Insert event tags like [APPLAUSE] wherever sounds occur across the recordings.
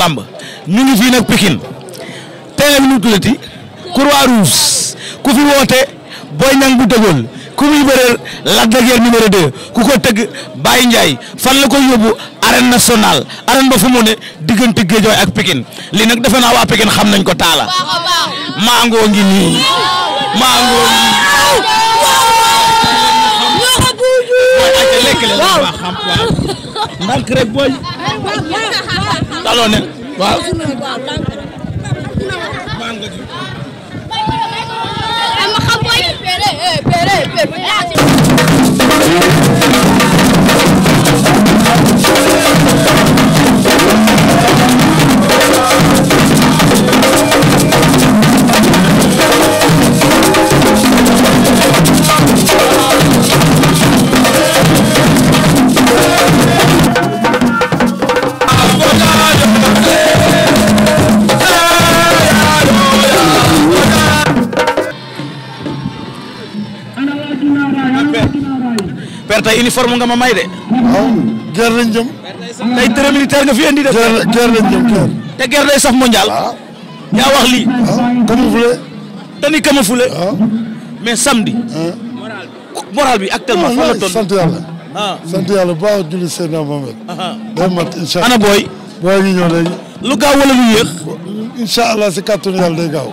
làmb ñu ngi fii nag Pikine tey bi ñu tuddati ku fi woote Boy Niang bu dëggool ku muy bëreel Lac de Guiers numéro 2 ku ko tëgg Baye Ndiaye fan la koy yóbbu arène nationale arène ba fu mu ne diggante Guédiawaye ak Pikine lii nag defe naa waa Pikine xam nañ ko taala maangoo ngi nii maangoo ngi lekk leen daloo ne waaw. Thank you. père tey uniforme nga ma may de. waaw guerre lañ jëm. tey terrain nga fi indi de. guerre guerre lañ jëm guerre. te guerre day saf mondial. waaw yaa wax lii. waaw camouflé. dañuy camouflé. waaw mais samedi. moral bi actuellement fan la toll. sant yàlla. ah sant yàlla bu baax julli ah, ah. booy. booy ñu ñëw léegi. lu gaaw wala lu yéex. incha allah si kàttanu yàlla day gaaw.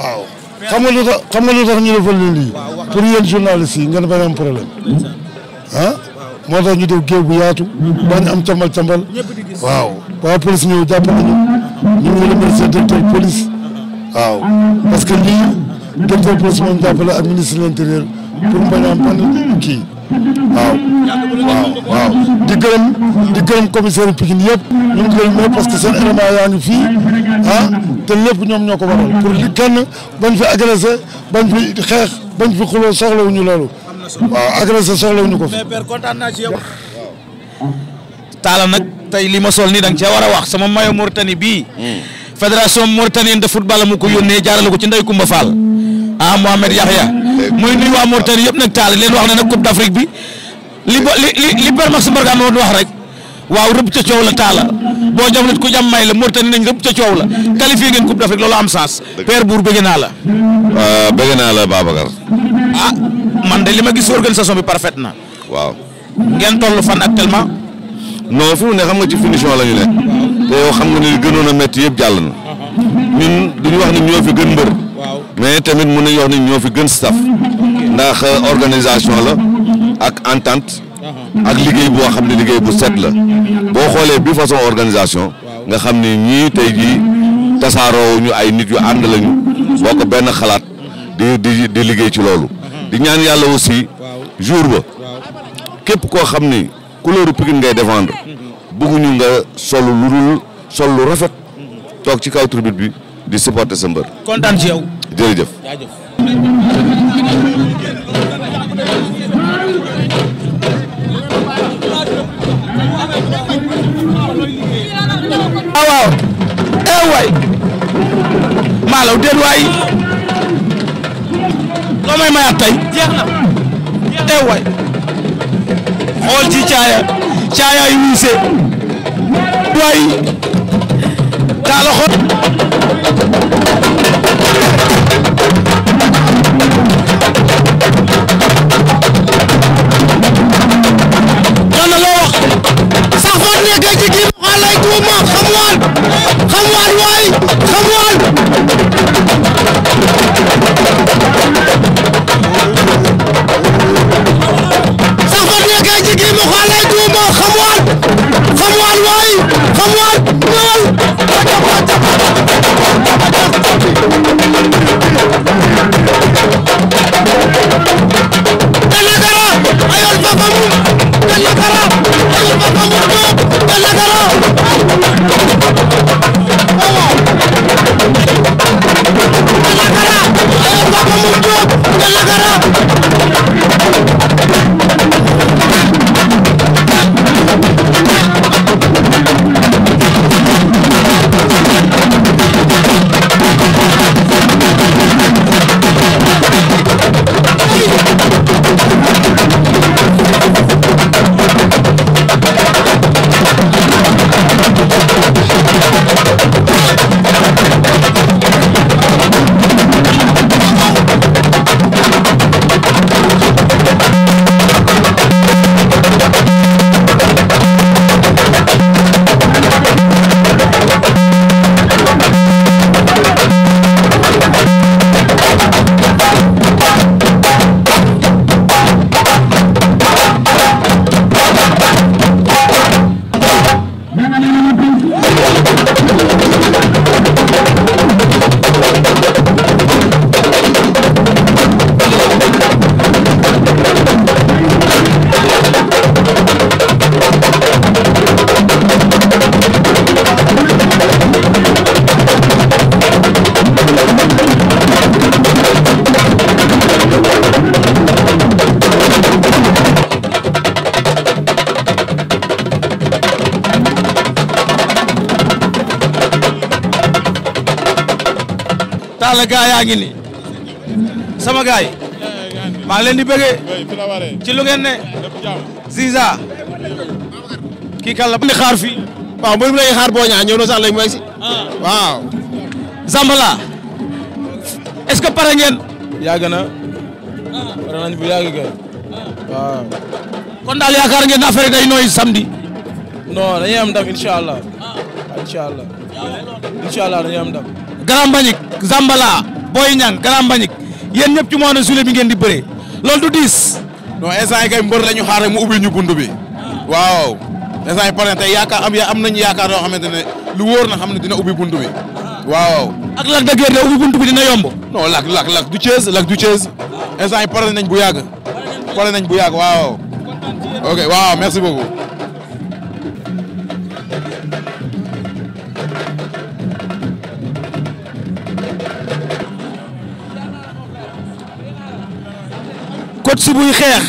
waaw. xam nga lu tax xam nga ñu defal lii pour yéen yi ngeen bañ am problème ah moo tax ñu def géew bu yaatu bañ am cambal cambal waaw waa police ñëw jàpp nañu ñu ngi remercier directeur police waaw parce que lii directeur police moom jàppale ak ministre de l'intérieur pour mu bañ a am benn waaw waaw di gërëm di gërëm commissaire ñu ngi gërëm ñëpp parce que seen élément fii ah lépp ñoom ñoo ko waral pour li kenn bañ fi agressé bañ fi xeex bañ fi xuloo soxlawuñu loolu waaw agressé soxlawuñu ko fi. mais père kontaan naa ci nag tey li ma sol nii da nga cee war a wax sama mayo Mauritanie bii. Hmm. fédération Mauritanienne de football mu ko yónnee jaarale ko ci Ndeye Koumba Fall ah Mohamed Yahya muy nuyu waa Mauritanie yëpp nag taal leen wax ne nag Coupe d'Afrique bi li li li Père Max Mbargane wax rek waaw rëbb ca la taala boo jam nit ku jam may la Mauritanie nañ rëbb ca la qualifié ngeen Coupe d'Afrique loolu am sens. Père Bour bëgg la. Euh, bëgg naa la Babacar. ah man de li ma gis organisation bi parfaite na. waaw ngeen toll fan actuellement. non fi mu ne xam nga ci finition la ñu ne. te yow xam nga ni li gënoon a métti yëpp jàll na. Uh-huh. ñun duñu wax ni ñoo mais tamit mun nañu wax ni ñoo fi gën staff ndax euh, organisation la ak entente ak liggéey boo xam ne liggéey bu set la boo xoolee bi façon organisation nga xam ne ñii tey jii tasaaroo ñu ay nit yu ànd lañu bokk benn xalaat di di di liggéey ci loolu di ñaan yàlla aussi jour ba képp koo xam ni couleur Pikine ngay défendre bëgguñu nga sol lu dul sol lu rafet toog ci kaw tribune bi di supporter sa mbër kontaan yow jërëjëf. waaw ah, waaw. eh loo may mayaat tey. jeex na. Eh, ci caaya. caaya yu wuuse. waay. daal yeggee ci kii mu xaalay tuuma xam waan xam waan waay xam waan sax ba yeggee ci kii mu xaalay tuuma xam waan xam waan waay xam waan ñëwal dana dara ayool ba ba mu dana dara naa la gaa yaa ngi ni sama gaay maa leen di bëggee ci lu ngeen ne Ziza kii kan la ba xaar fii waaw mbir mi lay xaar boo ñaa ñëw na sax léegi mu egg si ah. waaw Zambala est-ce que pare ngeen yàgg na ah. pare nañ bu yàgg kay ah. waaw kon daal yaakaar ngeen affaire yi day nooy samedi non dañuy am ndam incha allah incha allah incha allah dañuy am ndam Grand Zambala Boy Niang Grand Mbagnick yéen ñëpp ci mois de juillet bi ngeen di bëree loolu du diis. non instant yi kay mbër la ñu mu ubbi ñu bunt bi waaw instant yi pare tey yaakaar am am nañu yaakaar yoo xamante ne lu wóor na xam ne dina ubbi bunt bi waaw. ak Lac de Guiers ubbi bunt bi dina yomb. non Lac Lac Lac du Thiès du Thiès instant nañ bu yàgg pare nañ bu yàgg waaw ok waaw merci beaucoup. kot su buy xeex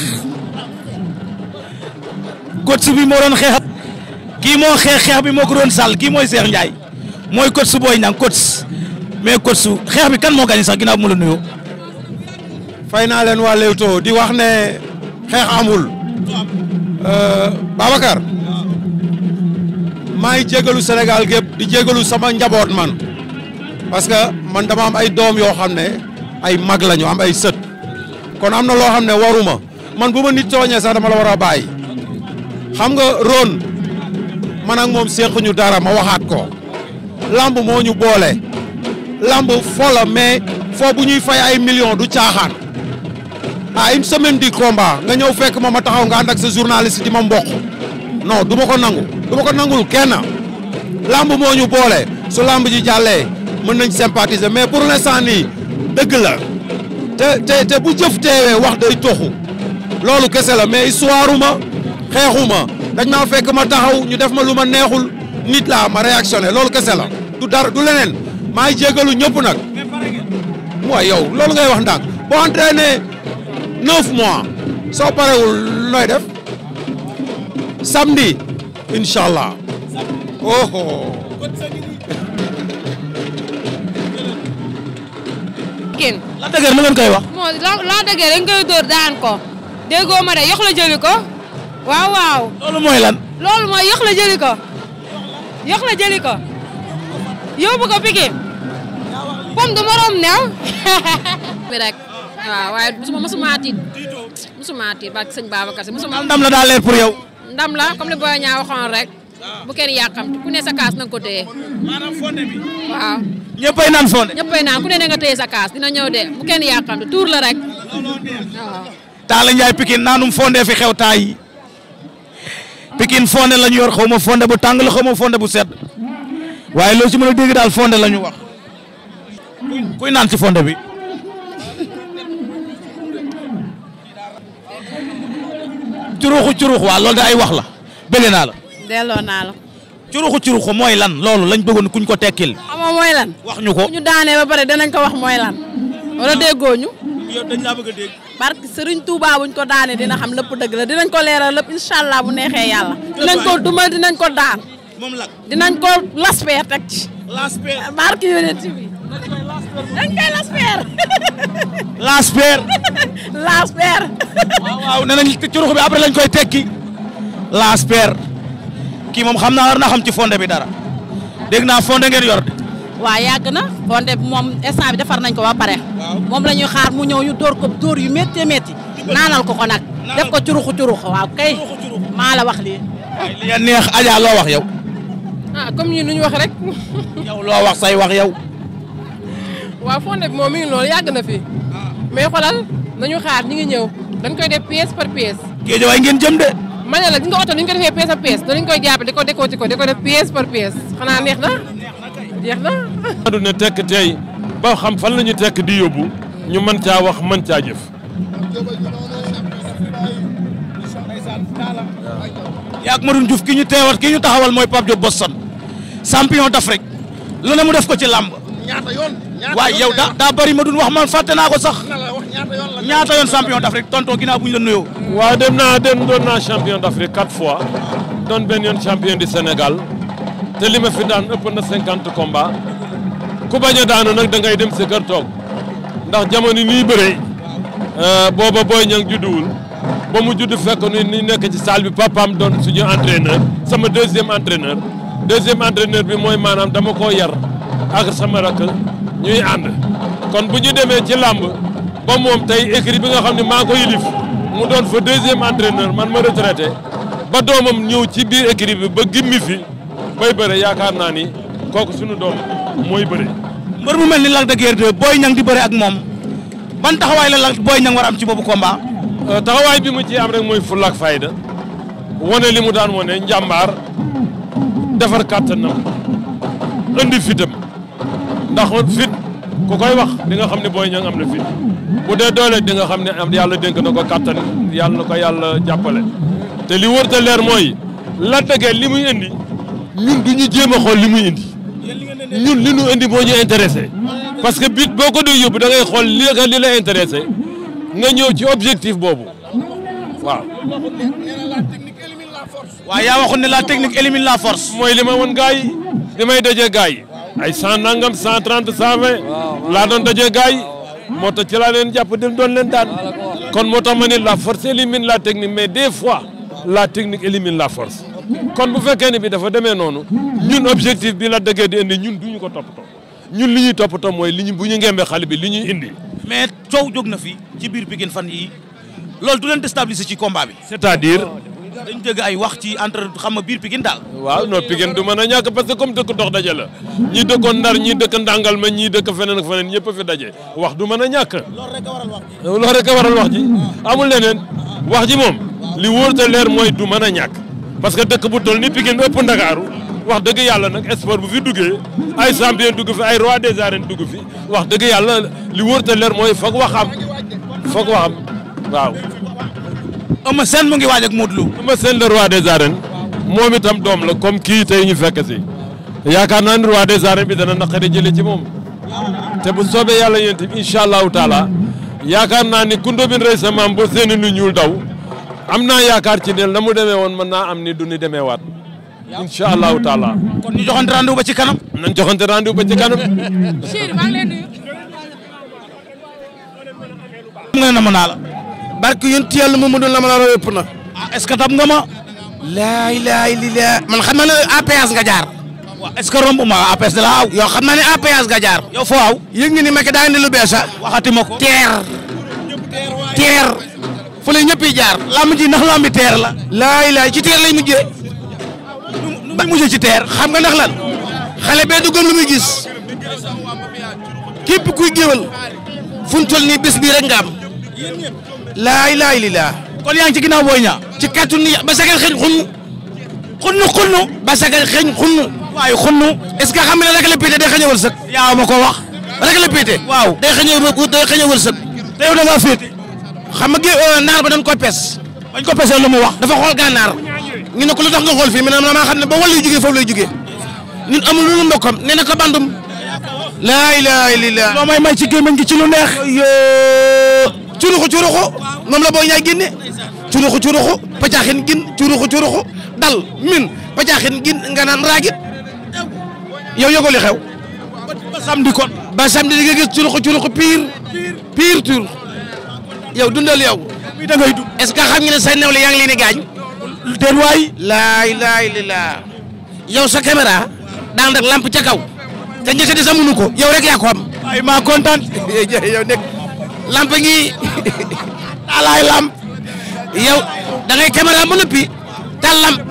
kot su bi moo doon xeex kii moo xeex xeex bi moo ko doon sàll kii mooy Cheikh Ndiaye mooy kot su booy ñang kot mais kot su xeex bi kan moo gañ sax ginnaaw bi mu la nuyoo. fay naa leen waa di wax ne xeex amul euh, Babacar maa ngi jégalu Sénégal gépp di jégalu sama njaboot man parce que man dama am ay doom yoo xam ne ay mag lañu am ay sët. kon am na loo xam ne waruma man bu ma nit tooñee sax dama la war a bàyyi xam nga Rhone man ak moom sequñu dara ma waxaat ko lamb moo ñu boole lamb fo la mais foo ñuy fay ay millions du caaxaan à ah, in semaine du combat nga ñëw fekk ma ma taxaw nga ànd ak sa journaliste di ma mboq du ma ko nangu du ma ko nangul kenn lamb moo ñu boole su lamb ji jàllee mën nañ sympathiser mais pour l'instant nii dëgg la te bu jëf teewee wax day toxu loolu kese la mais histoire ma xeexuma dañ maa fekk ma taxaw ñu def ma lu ma neexul nit la ma réactionné loolu kese la du dara du leneen maa ngi jégalu ñëpp nag mooy yow loolu ngay wax ndànk boo entraîné neuf mois soo parewul nooy def samedi incha allah la dëgër nu ngeen koy wax. moo la dëgër dañ koy dóor daan ko déggoo ma de yox la jëli ko waaw waaw. loolu mooy lan. loolu mooy yox la jëli ko yox la jëli ko yóbbu ko piqué pomme du morom neew. bi [LAUGHS] rek waaw waaye mosuma mosuma tiit mosuma tiit barke sëñ Babacar Si mosuma. ndam la daa leer pour yow. ndam la comme li Boy Niang waxoon rek bu kenn yàqam ku ne sa kaas na nga ko téye. maanaam fonde bi waaw. ñëppay naan foo de. ñëppay naan ku ne nga téye sa kaas dina ñëw de bu kenn yàqandu tuur la rek waaw. Talla Ndiaye Pikine naanum fondé fi xew taay yi Pikine fondé yor xaw ma fondé bu tàng la xaw ma fondé bu sedd waaye loo ci mën a dégg daal fondé la ñu wax kuy naan ci fondé bi. curuxu curux waa loolu de ay wax la bëgg naa la. delloo naa la. curuxu curuxu mooy lan loolu lañ bëggoon kuñ ko tekkil. xamoo mooy lan. wax ñu ko ñu daanee ba pare danañ ko wax mooy lan. wala ñu. yow dañ laa bëgg a dégg. barke Serigne Touba buñ ko daanee dina xam lépp dëgg la dinañ ko leeral allah bu neexee yàlla. dinañ ko duma dinañ ko daan. moom la dinañ ko laspeer teg ci. laspeer barke yonent bi. dañ koy laspeer. laspeer. [LAUGHS] lañ koy tekki. laspeer. kii moom xam naa war na xam ci fonde bi dara dégg naa fonde ngeen yor de. waaw yàgg na fonde bi moom instant bi defar nañ ko ba pare. moom la ñuy xaar mu ñëw ñu dóor ko dóor yu métti métti. naanal ko ko nag. def ko curuxu curuxu waaw kay. maa la wax lii. li nga neex Adja loo wax yow. ah comme ñun lu ñu wax rek. [LAUGHS] yow loo wax say wax yow. waaw fonde bi moom mi ngi loolu na fi. Ah. mais xoolal nañu xaar ñi ngi ñëw dañ koy def pièce par pièce. géej waay ngeen jëm de. ma ne la gis nga oto ni ñu ko defee pièce à pièce ko décoté ko di ko def pièce neex na jeex na. maandu ne tekk tey ba xam fan la ñu tekk di yóbbu ñu man caa wax man caa jëf. yaag Madoune Diouf ki ñu teewat ki ñu taxawal mooy Pape Diop Boston champion d'Afrique lu ne mu def ko ci làmb. ñaata waaye yow daa daa bëri Madoune wax man fàtte naa ko sax. ñaata yoon champion d'Afrique tonto ginnaaw bu ñu la nuyoo. waaw dem naa dem doon naa champion d'Afrique quatre fois doon benn yoon champion de senegal te li ma fi daan ëpp na cinquante combats ku bañ a daanu nag dangay ngay dem sa kër toog ndax jamono yi nii bëree euh, booba booy ñang judduwul ba mu judd fekk ni nekk ci salle bi papaam doon suñu entraîneur sama deuxième entraîneur deuxième entraîneur bi mooy maanaam dama koo yar ak sama rakk ñuy ànd kon bu ñu demee ci làmb. comme moom tey écrit bi nga xam ne maa ko yilif mu doon fa deuxième entraîneur man ma retraité ba doomam ñëw ci biir écrit bi ba gimmi fi bay bëre yaakaar naa ni kooku suñu doom mooy bëre. mbër mu mel ni Lac de Guiers 2 Boy Niang di bëre ak moom ban taxawaay la Lac Boy Niang war am ci boobu komba euh, taxawaay bi mu ci am rek mooy fulla ak fayda wane li mu daan wone njàmbaar defar kàttanam indi fitam ndax fit ku koy wax di nga xam ne booy Niang am na fit bu dee doole di nga xam ne am yàlla dénk na ko kattan yàlla na ko yàlla jàppale te li wër leer mooy Lac de li muy indi ñun du ñu jéem a xool li muy indi ñun li ñu indi moo ñu intéressé parce que bit boo ko dee yóbbu da ngay xool li li la intéressé nga ñëw ci objectif boobu waaw. waaw yaa waxoon ne la technique élimine la force. mooy li ma woon gars yi li may dajee gars yi. ay cent nangam cent trente cent vingt laa doon dajee gars yi moo tax ci laa jàpp dem doon leen daan kon moo tax ma ni la force élimine la technique mais des fois la technique élimine la force kon bu fekkee ne bi dafa demee noonu ñun objectif bi la dëggee di indi ñun duñu ko to ñun li ñuy toppatoo mooy li ñu bu ñu ngembee xale bi li ñuy indi mais coow jóg na fi ci biir Pikine fan yi loolu du leen déstabiliser ci combat bi c'est-à-dire dañ dégg ay wax ci xam biir Pikine daal waaw non Pikine du mën a ñàkk parce que comme dëkk dox daje la ñi dëkkoon Ndar ñi dëkk Ndàngal ma ñi dëkk feneen ak feneen ñëpp a fi daje wax du mën a ñàkk loolu rek a waral wax ji amul leneen wax ji moom li wóor te leer mooy du mën a ñàkk parce que dëkk bu toll ni Pikine ëpp Ndakaaru wax dëgg yàlla nag sport bu fi duggee ay champion dugg fi ay roi des arènes dugg fi wax dëgg yàlla li wóor te leer mooy foog waxam foog waxam waaw Eumeu Sène mu ngi waaj ak Modou Lo. Eumeu Sène le roi des arènes. moom itam doom la comme kii tey ñu fekk si. yaakaar naa ne roi des arènes bi dana naqari jëlee ci moom. te bu soobee yàlla yéen itam incha allahu taala. yaakaar naa ni ku ndóobin rey sa maam ba ñuul daw. am naa yaakaar ci ne la mu demee woon mën naa am ni du ni demee waat. incha allahu taala. kon ñu joxante rendez-vous ba ci kanam. nañ joxante rendez-vous ba ci kanam. Chéri maa barke yun ti yàlla Mamadou Lamine Awa yëpp na. ah est-ce que tam nga ma. laa ilaaha illallaah man xam na ne APS nga jaar. waaw ce que romb ma APS de la aw. yow xam na ne APS nga jaar. yow aw. yëg nga ni Macky daa indi lu bees ah. waxati ma teer. teer. fu la ñëpp jaar. lamb ji ndax lambi teer la. laa ilaaha ci teer lay mujjee. nu muy mujjee ci teer. xam nga ndax lan. xale bee du gëm lu muy gis. képp kuy géwal. fu mu toll nii bés bii rek nga laa ilaaha illallaah. kon yaa ngi ci ginnaaw Boy Niang. ci kàttu ni ba sagal xëñ xunnu. xunnu xunnu. ba sagal xëñ xunnu. waaye xunnu. est-ce que xam nga ne rek la pété day xëñ a wërsëg. yaa ma ko wax. rek la pété. waaw day xëñ a day a wërsëg. te yow da ngaa féete. xam euh, naar ba dañ ko pes. bañ ko pesee wax. dafa xool gànnaar. ñu ne ko lu tax nga xool fii mais nag maa xam ne ba wàllu yu jugee foofu lay jugee. ñun amul lu mu mbokkam na ko bandum. laa ilaaha illallaah. loo may may ci gémmiñ gi ci lu neex. yoo curuxu curuxu moom la boo ñaay génne curuxu curuxu pacaaxin gin curuxu curuxu dal min pacaaxin gin nga naan raagit yow yëgoo li xew ba samedi kon ba samedi di nga gis curuxu curuxu pire pire tur yow dundal yow mi da ngay dund est-ce que xam nga say néew la yaa ngi leen di yow sa caméra daan rek ca kaw te njëkk di rek yaa ko am [LAUGHS] lamp ngi [LAUGHS] alaay lamp yow da ngay caméra ba noppi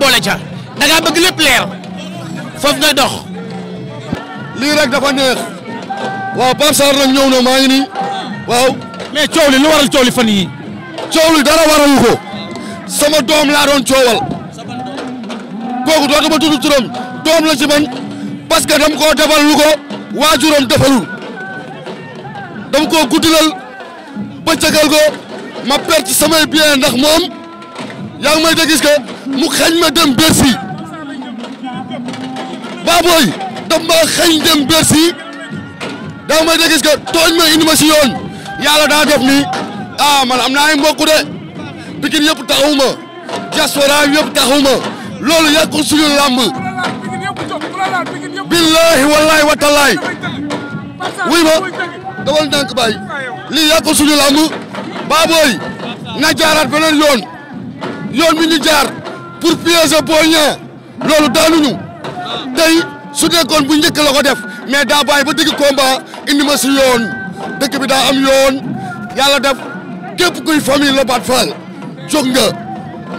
boole ca da bëgg lépp leer foofu ngay dox. lii rek dafa neex. waaw Pape Sarr nag na maa nii waaw. mais coow li lu waral coow li fan yii. coow li dara waralu ko. sama doom laa doon coowal. kooku dootuma tudd doom la ci parce que dam koo defal lu ko waajuram defalul dam koo guddilal. bëccëgal ma perte samay bien ndax moom yaa ma may dégg gis que mu xañ ma dem Bercy baabooy daf xañ dem Bercy daa may dégg gis que tooñ ma indi ma si yoon yàlla daa def ni ah, man am naa ay mbokk de Pikine yëpp taxawu ma diaspora yëpp taxawu ma loolu yàqu suñu làmb billahi wallahi wa talaay wuy ma dawal ndànk bàyyi li yàqu suñu lamb baabooy na jaaraat beneen yoon yoon bi ñu jaar pour piéger Boy loolu daanuñu tey su nekkoon bu njëkk la ko def mais daa bàyyi ba digg combat indi ma si yoon dëkk bi daa am yoon yàlla def képp kuy famille la baat faal jóg nga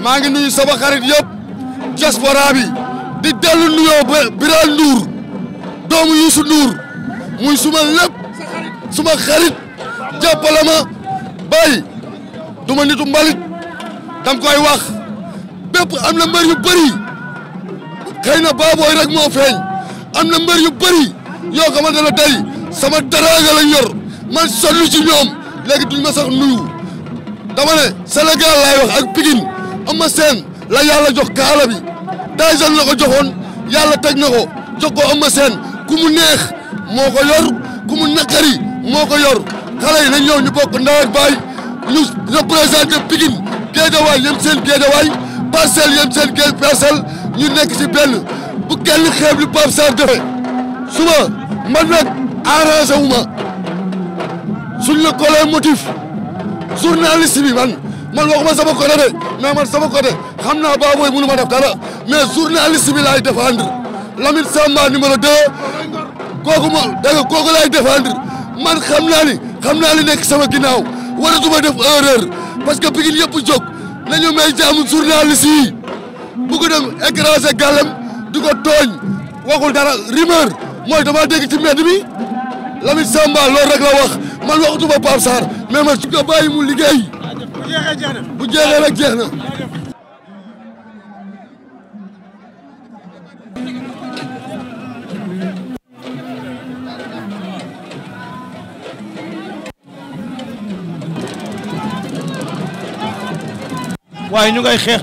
maa ngi nuyu sama xarit yëpp diaspora bi di dellu nuyoo ba Birane Ndour doomu Youssou Ndour muy suma lépp suma xarit jàppale ma bay du ma nitu mbalit dam koy wax bépp am na mbër yu bëri xëy na baabooy rek moo feeñ am na mbër yu bëri yoo xamante ne tey sama daraanga lañ yor man sonn ci ñoom léegi ma sax nuyu dama ne Sénégal laay wax ak Pikine Eumeu Sène la yàlla jox kaala bi Tyson la ko joxoon yàlla teg na ko jox ko Eumeu Sène ku neex moo ko yor ku mu moo ko yor xale yi nañ ñëw ñu bokk ndaw ak baay ñu représenté Pikine Guédiawaay yéen seen Guédiawaay parcelle yéen seen géej parcelle ñu nekk ci benn bu kenn xeeb li Pape Sarr defee suba man nag arrangé wu ma suñ la collé motif journaliste bi man man waxuma sama côté de mais man sama côté xam naa baabooy mënu ma def dara mais journaliste bi laay défendre Lamine Samba numéro 2 kooku ma dégg nga kooku laay défendre man xam naa ni. xam naa li nekk sama ginnaaw waratuma def erreur parce que Pikine yëpp jóg nañu may jaamu journaliste yi bu ko dem écraser gàllam du ko tooñ waxul dara rumeur mooy dama dégg ci mbedd mi Lamine Samba loolu rek la wax man waxatuma Pape Sarr mais ma su ko mu liggéey bu rek jeex na waaye ñu ngay xeex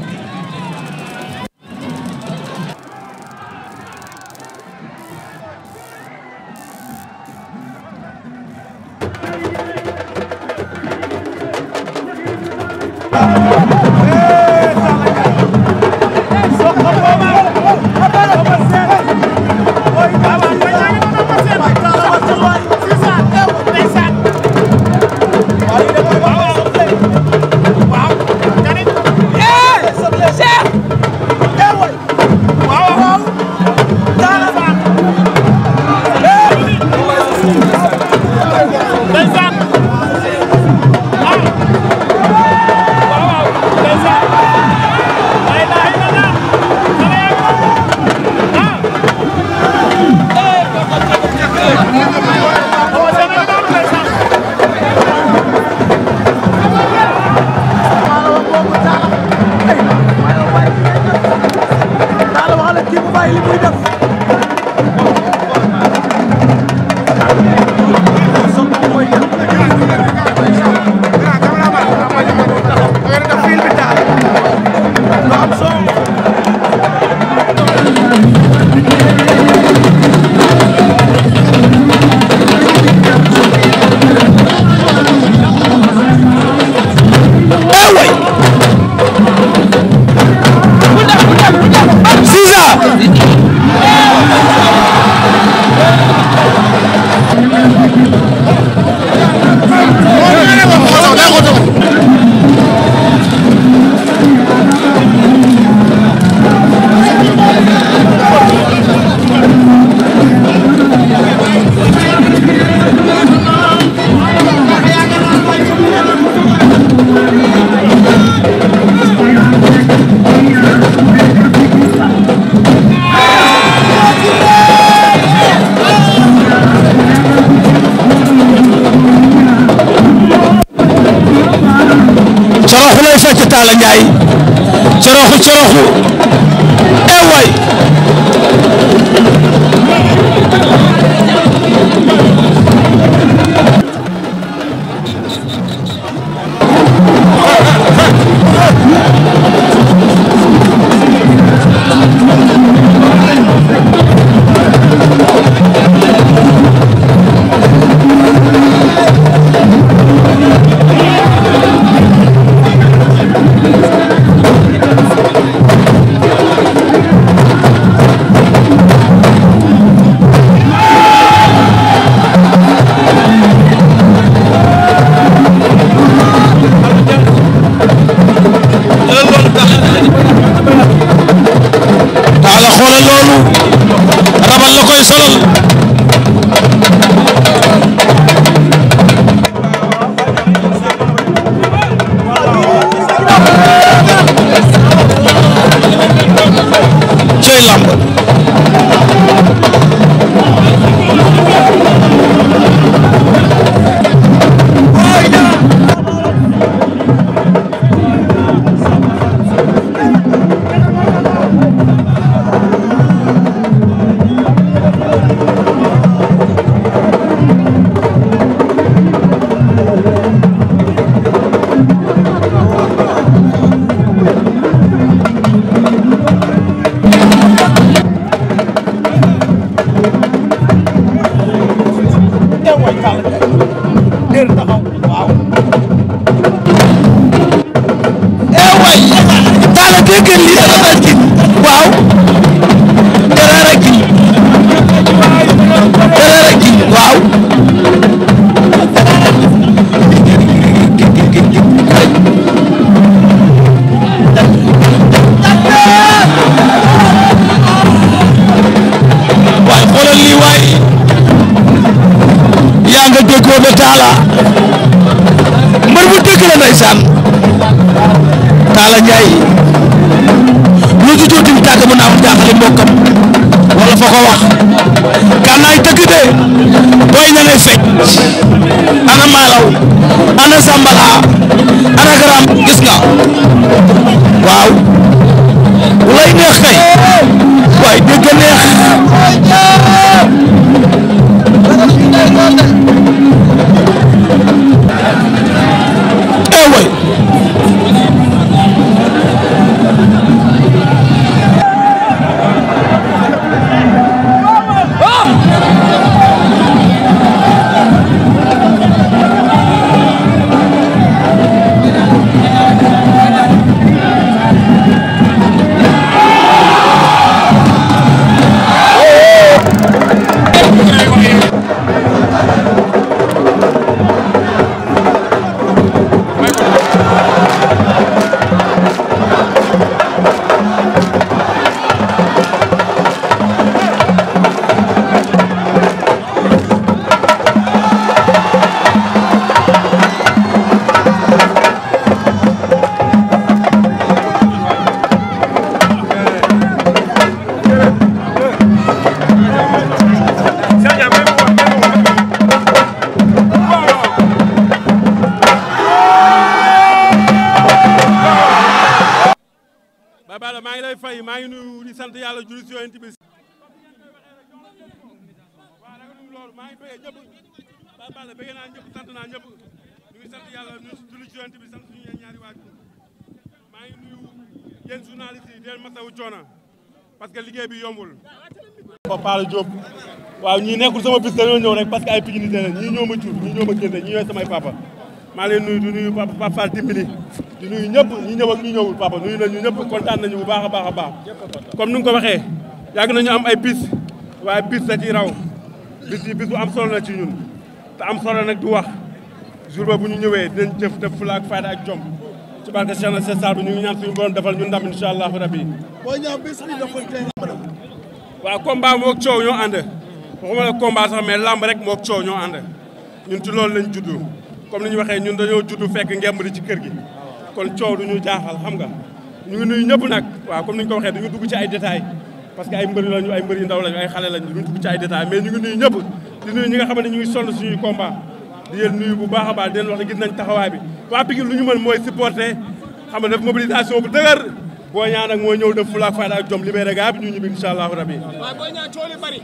koy solal ñëpp ñu ngi sant yàlla bi sant suñu yeen maa ngi nuyu yéen journaliste yi deen masawu coono parce que liggéey bi yombul Papa Diop waaw ñii nekkul sama bis dañoo ñëw rek parce que ay piginité la ñii ñoo ma cuub ñii ñoo ma génne ñii ñooy samay papa maa leen nuyu di nuyu papa papa dimbali di nuyu ñëpp ñi ñëw ak ñi ñëwul papa na nañu ñëpp kontaan nañu bu baax a baax a baax comme ni nga ko waxee yàgg nañu am ay bis waa bis da ci raw bis yi bis am solo na ci ñun te am solo nag du wax jour ba bu ñu ñëwee dinañ jëf def fula ak fayda ak jom ci barke Cheikh na Cheikh Sarr bi ñu ngi defal ñu ndam incha allah rabbi. booy ñaaw bés bi dafa tey lamb. waaw combat moog coow ñoo ànd waxuma la combat sax mais lamb rek moog coow ñoo ànd ñun ci loolu lañ juddu comme ni ñu waxee ñun dañoo juddu fekk ngemb di ci kër gi kon coow du ñu jaaxal xam nga ñu ngi nuyu ñëpp nag waa comme ni ñu ko waxee duñu dugg ci ay détails parce que ay mbër lañu ay mbër yu ndaw lañu ay xale lañu duñu dugg ci ay détails mais ñu ngi nuyu ñëpp ñi nga xam ne ñu ngi sonn suñuy combat di leen nuyu bu baax a baax ne gis nañ taxawaay bi waa Pikine lu ñu mën mooy supporter xam nga def mobilisation bu dëgër boo ñaan nag moo ñëw def fula ak fayda ak jom libéré gaa bi ñu ñibbi incha allahu rabi. waaw boo ñaan tool yi bari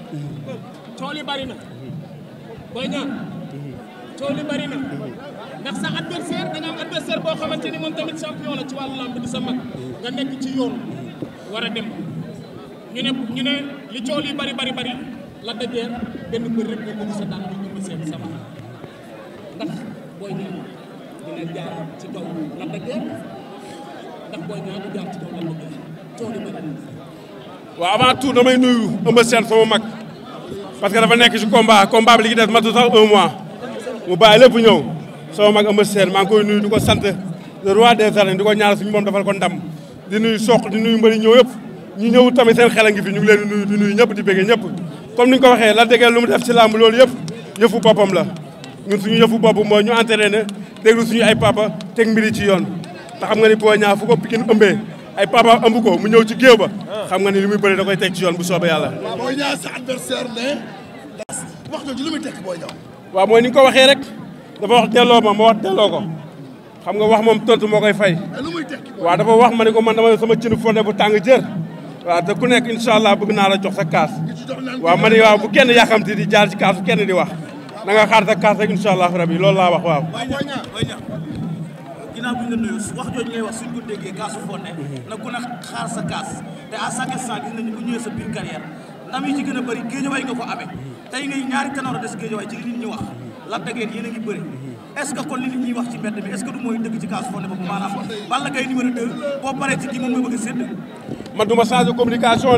tool bari na boo ñaan tool yi bari na ndax sa adversaire da nga am adversaire boo xamante ni moom tamit champion la ci wàllu lamb di sa nga nekk ci yoon war a dem ñu ne ñu ne li tool yi bari bari bari la dajee benn mbir rek nga bëgg sa daan ñu ñibbi seen sama. booy ñaar dina avant tout damay nuyu Eumeu Sène mag parce que dafa nekk ci combat combat bi li ci des matu sax un mois mu bàyyi lépp ñëw sama mag Eumeu Sène maa ngi koy nuyu di ko sant le roi des arènes di ko ñaanal suñu moom dafal ko ndam di nuyu soq di nuyu mbëri ñëw yëpp ñu ñëw tamit seen xel a fi ñu ngi leen di nuyu di nuyu ñëpp di bëgg ñëpp comme ni ñu ko waxee la déggee lu mu def ci làmb loolu yëpp yëfu boppam la ñun suñu yëfu bopp moo ñu entraîné déglu suñu ay papa teg mbiri ci yoon te xam nga ni boo ñaa fu ko pikin ëmbee ay papa ëmb ko mu ñëw ci géew ba xam nga ni li muy bëri da koy teg ci yoon bu soobee yàlla. boo ñaa sa adversaire ne wax jooju li muy tekk boo ñëw. waaw mooy ni ko waxee rek dafa wax delloo ma ma wax delloo ko xam nga wax moom tontu moo koy fay. lu muy tekk waaw dafa wax ma ne ko man dama sama cin fonde bu tàng jër. waaw te ku nekk incha allah bëgg naa la jox sa kaas. waaw ma ne waaw bu kenn yàqamti di jaar ci kaas bu kenn di wax. na xaar sa kaas rek incha allah rabi loolu laa wax waaw. ginnaaw bi nga nuyu wax jooju ngay wax suñ ko déggee kaasu fonde mhm. na ku ne xaar sa kaas te à chaque instant gis nañu ko ñëwee sa biir carrière ndam yi ci gën a bëri géejawaay nga ko amee mhm. tey ngay ñaari tanoor a des géejawaay ci li nit ñi wax mhm. la dageen yéen a ngi bëri est ce que kon li nit ñi wax ci mbedd mi est ce que du mooy dëgg ci kaasu fonde boobu maanaam Balla Gaye numéro 2 boo paree ci a sédd communication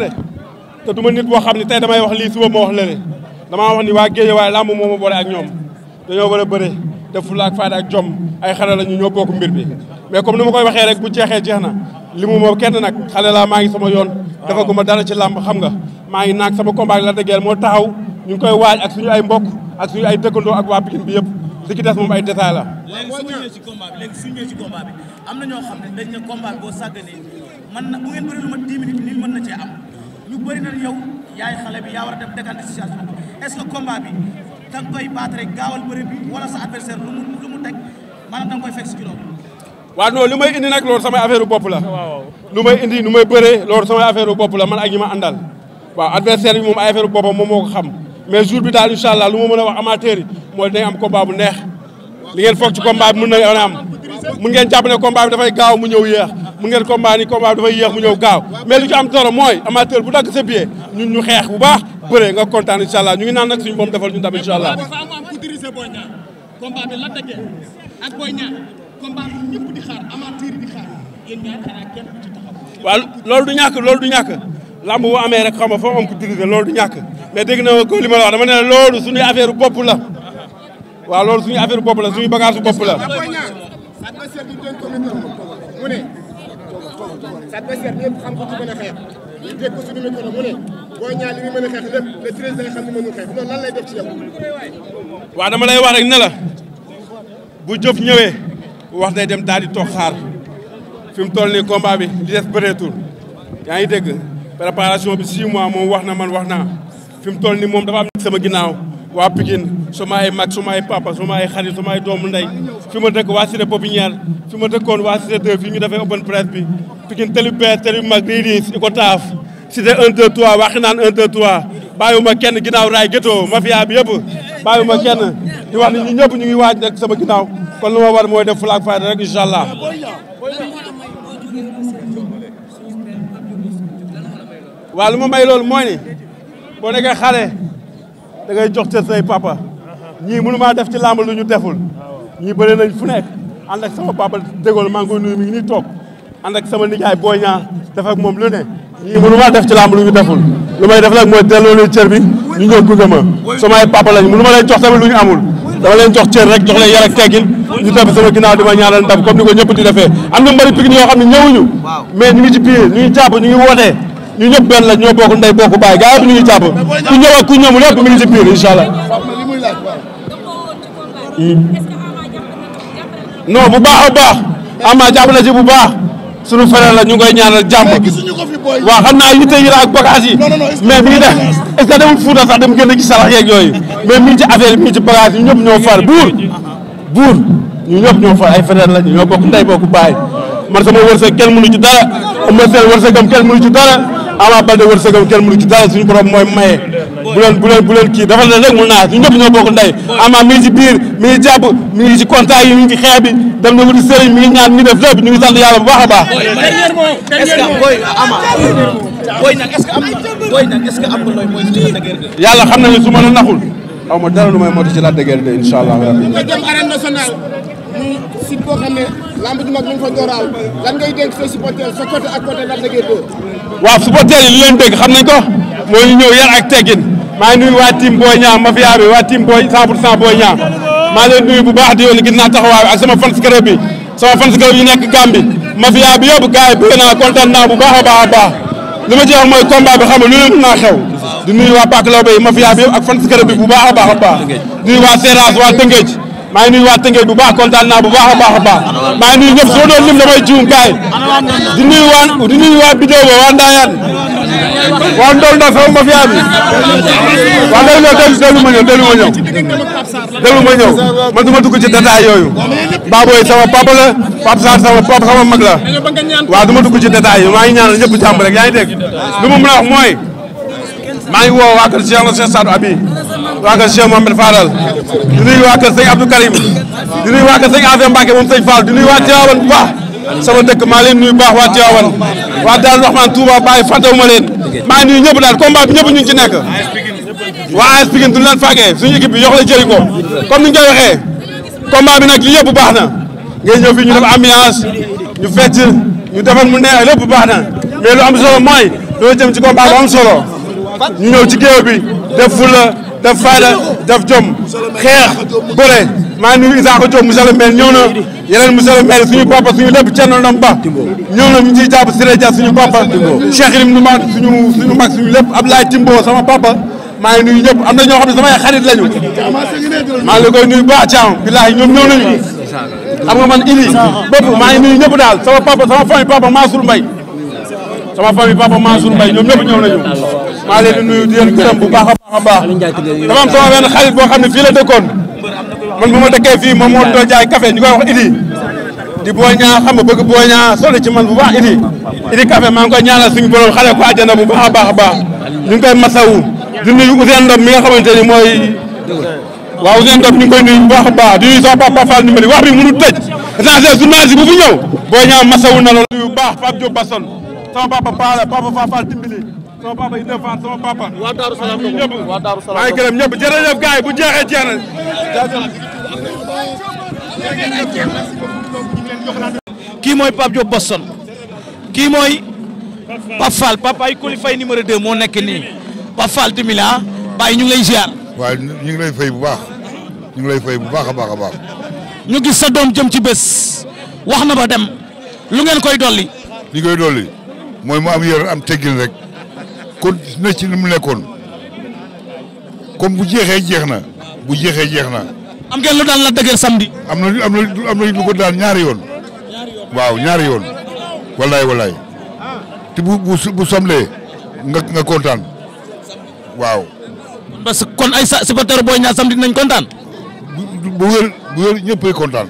de te ma nit boo xam ne tey damay wax lii suba wax lële dama wax ni waa Géejawaay làmb moo ma boole ak ñoom dañoo war a bëre def fulaak fayda jom ay xale la ñu ñoo bokk mbir mi mais comme ni ma koy waxee rek bu jeexee jeex na li mu moom kenn nag xale maa ngi sama yoon defaguma dara ci làmb xam nga maa ngi naag sama combat la dëggeel moo taxaw ñu ngi koy waaj ak suñu ay mbokk ak suñu ay dëkkandoo ak waa Pikine bi yëpp li ci des moom ay détail la léegi su ñëwee su ñëwee ci combat na ñoo xam ne dañ ne combat boo ma na cee yaay xale bi yaa war a def dégante situation est-ce que combat bi da nga koy baat rek gaawal bëri bi wala sa adversaire lu mu lu mu teg maanaam da nga koy fekk si kilo waaw non lu may indi nag loolu samay affaire bopp la lu may indi lu may bëree loolu samay affaire bopp la man ak ñi ma àndal waaw adversaire bi moom ay affaire boppam moom moo ko xam mais jour bi daal incha allah lu ma mën a wax amateur yi mooy dinañ am combat bu neex li ngeen foog ci combat bi mën na am mun ngeen jàpp ne combat bi dafay gaaw mu ñëw yéex mu ngeen combat ni combat bi dafay yéex mu ñëw gaaw mais lu ci am solo mooy amateur bu dagg sa billet ñun ñu xeex bu baax bëree nga kontaan incha allah ñu ngi naan nag suñu boom defal ñu ndam incha allah. combat bi la dëggee ak Boy Niang combat bi ñëpp di du ci taxaw. loolu du ñàkk loolu du ñàkk lamb bu amee rek xam nga foo am lool du ñàkk mais dégg na ko li ma la wax dama ne loolu suñuy affaire bopp la waaw loolu suñuy affaire bopp la suñuy bagage bopp la. mu ne sa adversaire ñëpp lay def ci yow. waaw dama lay wax rek ne bu jëf ñëwee wax dem daal di toog xaar fi mu toll ni combat bi li des bëreetul yaa ngi dégg préparation bi six moom wax na man wax naa fi mu toll nii moom dafa am sama ginnaaw. waa Pikine su ma ay mag su ma ay papa su ma ay xarit su ma ay doomu ndey fi ma dëkk waa Cité Popinière fi ma dëkkoon waa Cité 2 fii ñu defee open press bi Pikine tali bees tali mag riiriis i ko taaf Cité 1 2 3 waxi naan 1 2 3 bàyyiwuma kenn ginnaaw raay gétoo mafia bi yëpp bàyyiwuma kenn di wax ñu ñëpp ñu ngi waaj nekk sama ginnaaw kon lu ma war mooy def flag fayda rek incha allah lu ma may loolu mooy ni boo nekkee xale da jox cër say papa ñii mënu maa def ci làmb lu ñu deful ñii bëri nañ fu nekk ànd ak sama papa dégool maa ngi koy nuyu toog ànd ak sama nijaay booy ñaa def moom lu ne ñii mënu maa def ci làmb lu ñu deful lu may def nag mooy delloo leen cër bi ñu ñëw gunge ma samay papa lañ mënu ma leen jox tamit lu ñu amul dama leen jox cër rek jox leen yar ak teggin ñu topp sama ginnaaw di ma ñaanal ndam ni ko ñëpp di defee am na mbari Pikine yoo xam ne ñëwuñu mais ñu ngi ci biir ñu ngi jàpp ñu ngi wootee ñu ñëpp benn la ñoo bokk ndey bokk baay gaa yëpp ñu ngi jàpp ku ñëw ak ku ñëwul lépp mi ngi ci biir incha allah. non bu baax a baax Ama jàpp na bu baax sunu frère la ñu ngi koy ñaanal jàmm waaw xam naa yitte yi la ak bagage yi mais mi ngi def est-ce que demul Fuuta sax dem gën a gis salax yeeg mi ngi ci affaire yi ci bagage ñu ñëpp ñoo far buur buur ñu ñëpp ñoo far ay frère la ñu ñoo bokk ndey bokk baay man sama wërsëg kenn mënu ci dara Eumeu Sène wërsëgam kenn mënu ci dara Ama Baldé wërsëgam kenn mënu ci dara suñu borom mooy maye bu leen kii dafa ne rek mun naa ñu ñëpp ñoo bokk ndey Ama mi ngi ci biir mi ngi jàpp mi ngi ci contact yi mi ngi ci xeex bi dem na mi ñaan mi def lépp ñu ngi sant yàlla a xam na ne su ma la naxul aw ma dara lu may motu ci la dëgër de lamb ju mag mi ngi fa dooraal lan ngay yi li leen dégg xam nañ ko moo ñu ñëw yar ak teggin maa ngi nuyu waa team Boy Niang mafia bi waa team Boy 100 pour 100 Boy Niang maa bu baax di yónni gis naa taxawaay ak sama fans club bi sama fans club yi nekk Gambie mafia bi yëpp gars yi bu baax a baax a baax li ma ci wax mooy combat xam nga waa Pàcc a baax a baax di nuyu waa Seras waa maa ngi nuyu waa Tëngéej bu baa kontaan naa bu baax a baax a baax maa ngi nuyu ñëpp soo doon lim damay kaay di nuyu waa di nuyu waa Bidéo waa Ndayane waa Ndol Ndof ma fi am waa Ndol Ndof dellu ma ñëw dellu ma ñëw dellu ma ñëw man du ma dugg ci sama papa la Pape Sarr sama papa sama mag la waaw du ma dugg ci détail yi maa ngi ñaanal ñëpp jàmm rek yaa ngi dégg lu ma mooy maa ngi woo waa kër Cheikh Sadou Abi waa kër Cheikh Mohamed Fadal di nuyu waa kër sëñ Abdou Karim di nuyu waa kër sëñ Afia Mbacke moom sëñ Fall di nuyu waa Tivaouane bu baax sama dëkk maa leen nuyu baax waa Tivaouane waa Daaru Rahman Touba Baye fàttewuma leen maa ngi nuyu ñëpp daal combat bi ñëpp ñu ngi ci nekk waa AS Pikine duñu leen fàggee suñu équipe bi yox la jëri ko comme ni ñu koy waxee combat bi nag li yëpp baax na ngay ñëw fii ñu def ambiance ñu fecc ñu defal mu neex lépp baax na mais lu am solo mooy loolu jëm ci combat bu am solo ñu ñëw ci géew bi def fula daf fayda daf jom xeex bëre maa ngi nuyu Isaaka Diop monsieur le maire ñëw na yeneen monsieur le maire suñu papa suñu lépp Thierno Ndom Ba ñëw na ñu ciy jàpp Siré Dia suñu papa Cheikh Ilim Ndouma suñu suñu mag suñu lépp Abdoulaye Timbo sama papa maa ngi nuyu ñëpp am na ñoo xam ne samay xarit lañu maa ngi koy nuyu ba Thiam bilaay ñoom ñëw nañu xam nga man Ili bépp maa ngi nuyu ñëpp daal sama papa sama famille papa Mansour Mbaye sama famille papa Mansour Mbaye ñoom ñëpp ñëw nañu maa leen di nuyu di leen gërëm bu baax a baax dama am sama benn xarit boo xam ne fii la dëkkoon man bu ma dëkkee fii moom moo doon jaay café ñu koy wax idi di booy ñaa xam nga bëgg booy ñaa man bu baax idi idi café maa ngi koy ñaanal suñu borom xale ko àjjana bu baax a baax a baax ñu ngi koy masawu di nuyu Ousseynou Ndom mi nga xamante ni mooy waaw Ousseynou Ndom ñu ngi koy nuyu bu baax a baax di nuyu sama papa Fall numéro wax bi mënu tëj essentiel journaliste bu fi ñëw booy ñaa masawu na loolu bu baax Pape Diop Basson sama papa Fall papa Fall sama papa Ida Fass sama papa. waa Darou Salaam ñun ñëpp waa Darou bu jeexee jeex na. kii mooy Pape Diop Boston kii mooy Pape Fall Pape ay Kolifay numéro 2 moo nekk nii Pape Fall Timila Baye ñu ngi lay ziar. waaw ñu ngi lay fay bu baax ñu ngi lay fay bu baax a baax a baax. ñu gis sa doom jëm ci bés wax na ba dem lu ngeen koy dolli. li koy dolli mooy mu am yor am teggin rek. kon na ci li mu nekkoon comme bu jeexee jeex na bu jeexee jeex na. am ngeen lu daan la dëgër samedi. am na am na am na lu ko daan ñaari yoon. waaw ñaari yoon. wallaay wallaay. te bu bu bu samlee nga nga kontaan. waaw. parce que kon ay sa supporter booy ñaar samedi nañ kontaan. bu bu wér bu wér ñëppay kontaan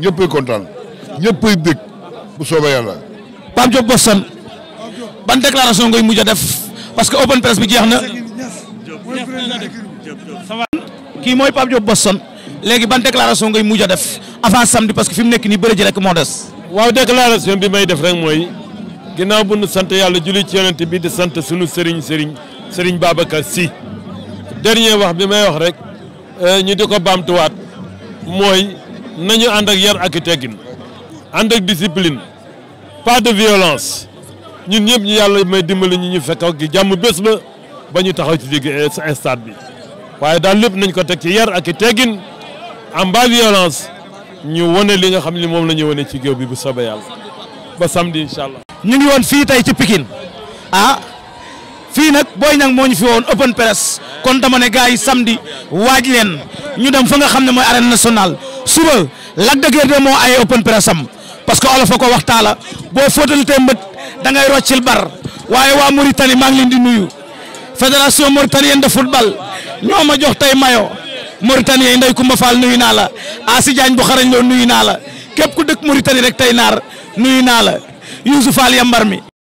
ñëppay kontaan ñëppay bég bu soobee yàlla. Pape Diop Boston ban déclaration ngay mujj a def. parce que open press bi jeex na. kii mooy Pape Diop Boston léegi ban déclaration ngay mujj a def avant samedi parce que fi mu nekk nii bëri ji rek moo des. waaw déclaration bi may def rek mooy ginnaaw bu nu sant yàlla julli ci yonent bi di sant sunu Serigne Serigne Serigne Babacar si dernier wax bi may wax rek euh, ñu di ko baamtuwaat mooy nañu ànd ak yar ak teggin ànd ak discipline pas de violence. ñun ñëpp ñu yàlla may dimbali ñu ñu fekk ak jàmm bés ba ba ñu taxaw ci eh, bi waaye daal lépp nañ ko teg ci yar ak i teggin am ba violence ñu wone li nga xam ne moom la ñu wane ci géew bi bu soobee yàlla ba samedi incha allah. ñu ngi woon fii tey ci Pikine ah fii nag booy Niang moo ñu fi woon open press kon dama ne gars yi samedi waaj leen ñu dem fa nga xam ne mooy arène nationale suba Lac de Guiers moo ay open press parce que olof a ko waxtaala boo fóotal tey mbët. da ngay roccil bar waaye waa Mauritanie maa ngi leen di nuyu fédération mauritanienne de football ñoo ma jox tey mayo Mauritanie yi Ndeye Coumba Fall nuyu naa la Asi Diagne bu xarañ loo nuyu naa la képp ku dëkk Mauritanie rek tey naar nuyu naa la Youssou Fall mi